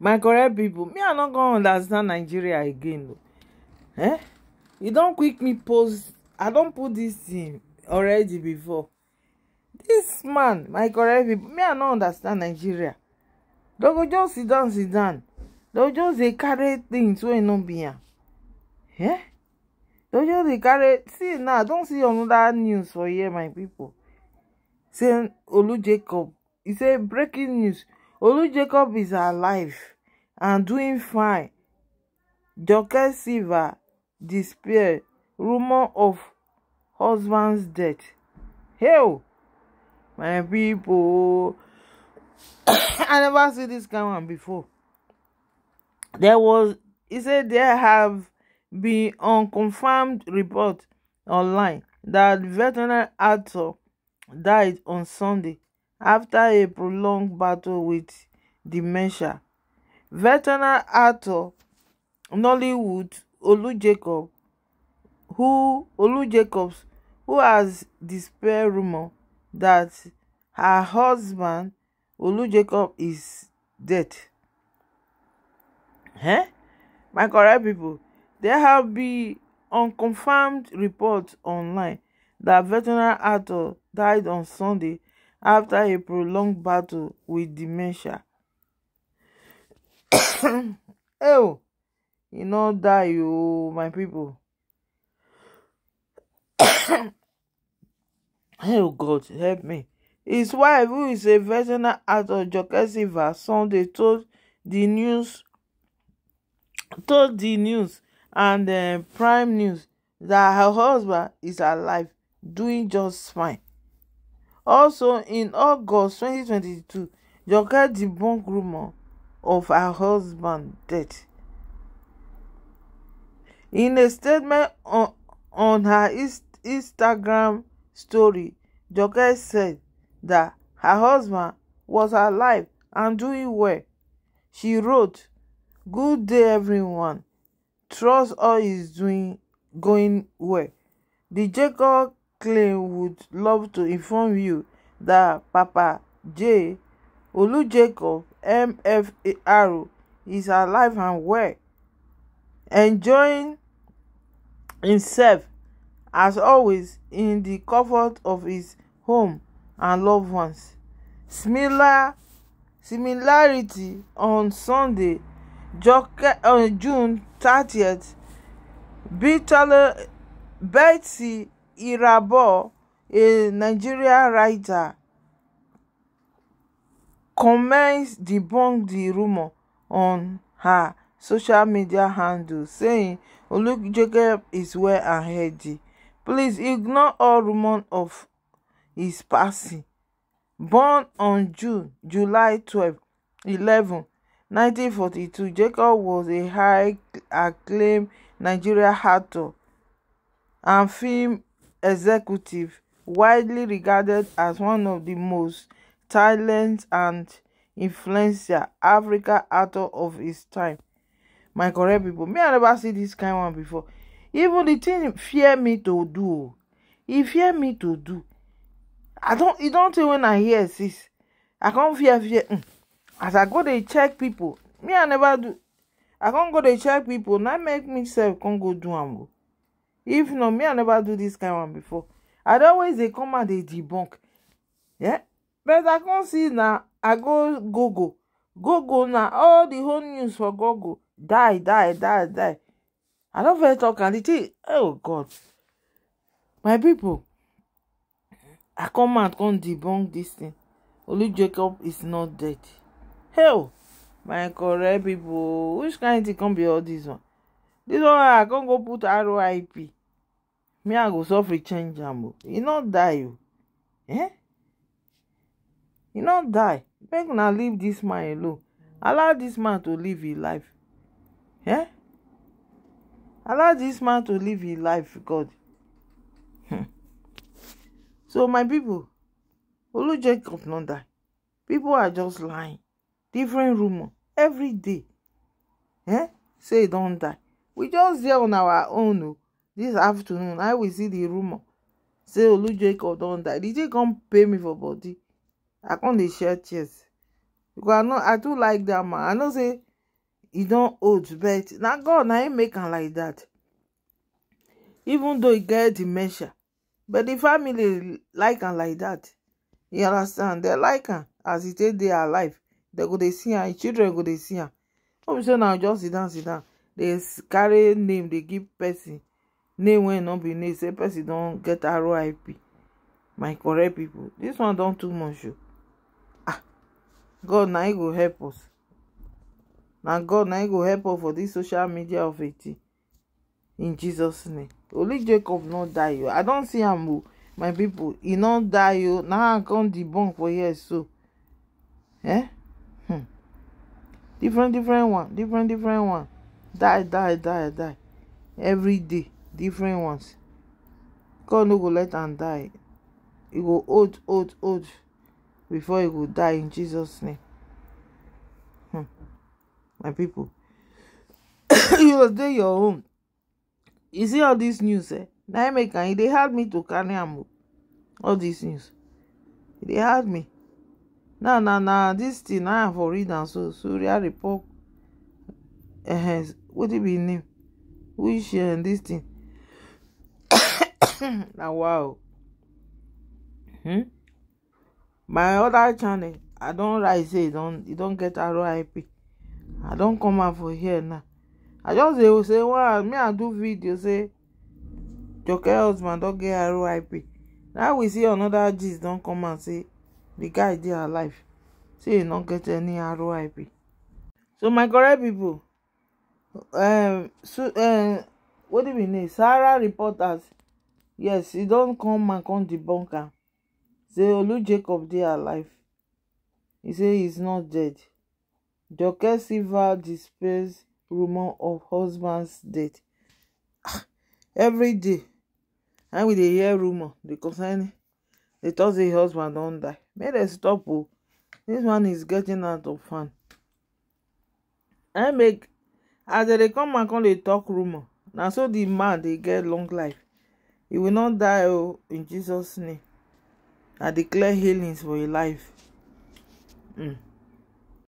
my correct pipo me i no go understand nigeria again o eh you don quick me post i don put dis thing already before dis man my correct pipo me i no understand nigeria dem go just sit down sit down just dey carry things wey no be am eh dem just dey carry see now i don see another news for here my pipo say olu jacob he say breaking news Olu Jacob is alive and doing fine. Joke Silva despair. Rumor of husband's death. Hell, my people. I never see this kind one before. There was, he said, there have been unconfirmed reports online that veterinary actor died on Sunday after a prolonged battle with dementia. Veteran actor Nollywood Olu Jacob, who Olu Jacobs, who has despair rumor that her husband Olu Jacob is dead. Huh? My correct people, there have been unconfirmed reports online that veteran actor died on Sunday after a prolonged battle with dementia. oh, you no die o my people. oh God, help me. His wife, who is a veteran actor, Joke Silva, Sunday told the news told the news and uh, Prime News that her husband is alive, doing just fine. Also, in August 2022, Yonka debunked rumor of her husband's death. In a statement on, on her Instagram story, Yonka said that her husband was alive and doing well. She wrote, Good day, everyone. Trust all is doing going well. The Jacob Clay would love to inform you that Papa J. Olu-Jacob, MFAR, is alive and well, enjoying himself as always in the comfort of his home and loved ones. Similar similarity on Sunday, June 30th, Betsy irabor a nigerian writer comments debunked di rumour on her social media handle saying olujoke is well and healthy please ignore all rumours of his passing born on june july twelve, eleven, nineteen forty two, jacob was a high acclaimed nigerian actor and film executive widely regarded as one of the most talented and influential Africa actor of his time my correct people, me i never see this kind one before even the thing fear me to do oh, He fear me to do i don't. He don't even. wen i hear this. i can't fear fear mm. as i go dey check people, me i never do i can't go dey check people. Not make me self can't go do am o oh if not me i never do this kind of one before i don always they come and they debunk yeah but i can't see now. i go google google now. all the whole news for google die die die die i don first talk and di thing oh god my people. i come and come debunk this thing Only jacob is not dead hell my correct people. which kind thing come be all this one This one i can't go put rip me i go suffer change am o e no die o oh. eh e no die make una leave dis man alone allow dis man to live im life eh allow dis man to live im life god hmm. so my people, olu jacob no die People are just lying different rumour every day eh say e don die we just dey on our own o. Oh. This afternoon i will see the rumour say olu jacob don die di thing come pay me for body i come dey share tears because i know i too like that man i know say he don old but na god na him make am like that. even though he get dementia but the family like am like that. you understand They like am as e take dey alive They go dey see am children go dey see am no be say na just sit down sit down dey carry name dey give person name wey e no be name say person don get rip my correct people. This one don too much o ah god na e go help us na god na e go help us for this social media of 18 in jesus name only jacob no die o i don see am o my people. He no die o na am come debunk for here so eh hmm different different one different different one die die die die every day different ones god no go let and die He go old old old before he go die in jesus name hmm. my people, you was there your own you see all these news eh Now make am they help me to carry am oh. all these news they help hard me Nah, na nah. This thing i i for reading so surya report uh, it be im name which uh, this thing na wow hmm my other channel i don write say e don get rip i don come out for here now i just dey say wow me i do video say joke husband don get rip now we see another gist don come say di guy dey alive say e don get any rip so my correct pipo um so um what do we need sarah reporters yes he don come and come the bunker. say olu jacob dey alive He say he's not dead joke silva dispels rumor of husband's death ah, every day I we dey hear rumor dey concern dey talk say husband don die make dem stop o oh. dis one is getting out of hand i make as dem dey come and come dey talk rumor. na so the man dey get long life you will not die oh in jesus name i declare healings for your life mm.